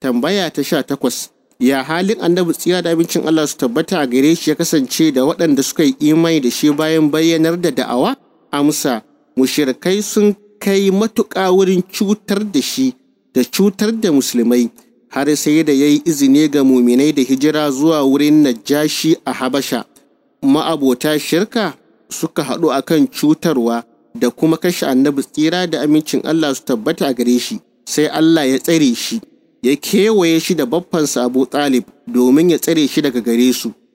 tambaya ta sha takwas ya halin annabi tsira da abincin Allah su tabbata a gare shi ya kasance da waɗanda suka yi imani da shi bayan bayyanar da da'awa amsa mushrikai sun kai matuƙa wurin cutar da shi da cutar da musulmai har sai da yayi izini ga muminai da hijira zuwa wurin najashi a habasha ma'abota shirka suka haɗu akan cutarwa da kuma kashe annabi tsira da amincin Allah su tabbata a gare shi sai Allah ya tsare shi ya kewaye shi da baffansa Abu Talib domin ya tsare shi daga gare su.